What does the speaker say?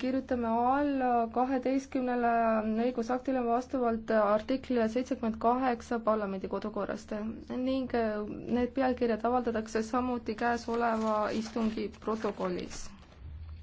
kirjutame alla kaheteistkümnele õigusaktile vastavalt artiklile seitsekümmend kaheksa parlamendi kodukorrast ning need pealkirjad avaldatakse samuti käesoleva istungi protokollis